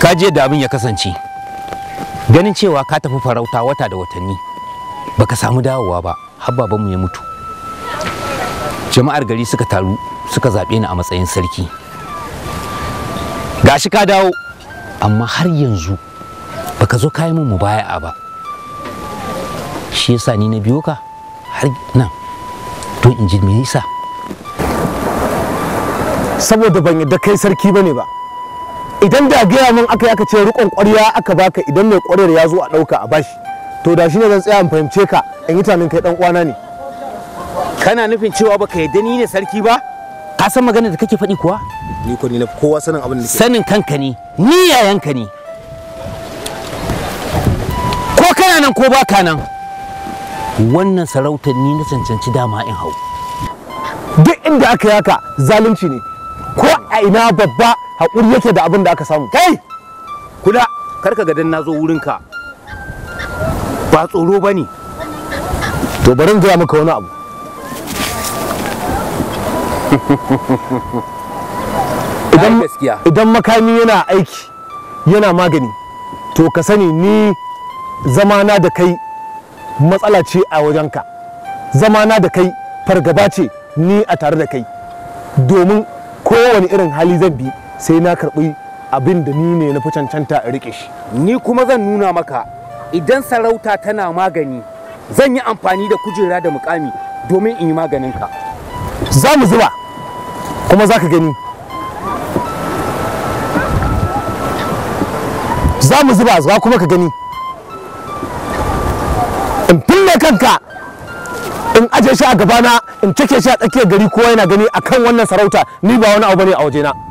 ka je da abin ya kasance ganin cewa ka tafi farauta wata da watanni baka samu dawowa ba har babanmu ya mutu jama'ar gari suka taru suka zaɓe ni a matsayin sarki gashi ka dawo amma har yanzu baka zo kayi min mubaya'a ba shi yasa ni na biyo ka har nan don in ji me saboda ban yadda kai sarki bane ba idan da gaya min aka yi aka ce rikon ƙwarya aka baka idan mai ƙwaryar ya zo a ɗauka a bashi to da shi ne zan tsaya fahimce ka in yi tanin kai ɗan kwana ne kana nufin cewa baka yadda ni ne sarki ba ka san magana da kake faɗi kuwa ni ko ni na kowa sanin abin da nake sanin kanka ne ni yayan ka ne ko kana nan ko baka nan wannan sarautar ni na cancanci dama in hau duk inda aka yaka zalunci ne ko a ina babba Hakuri yake da abin da aka samu kai kula karka ga na zo wurinka ba tsoro ba ne to bari gaya maka wani abu idan makami yana aiki yana magani to ka sani ni zamana da kai matsala ce a wajenka na da kai fargaba ce ni a tare da kai domin kowane irin hali zan bi sai na karɓi abin da ni ne na fi cancanta a riƙe shi ni kuma zan nuna maka idan sarauta tana magani zan yi amfani da kujera da mukami domin in yi maganin ka za mu zuba kuma za ka gani za mu zuba za kuma ka gani in fille kanka in aje shi a gabana in cike shi a tsakiyar gari kowa yana gani akan wannan sarauta ni ba wani abu bane a wajena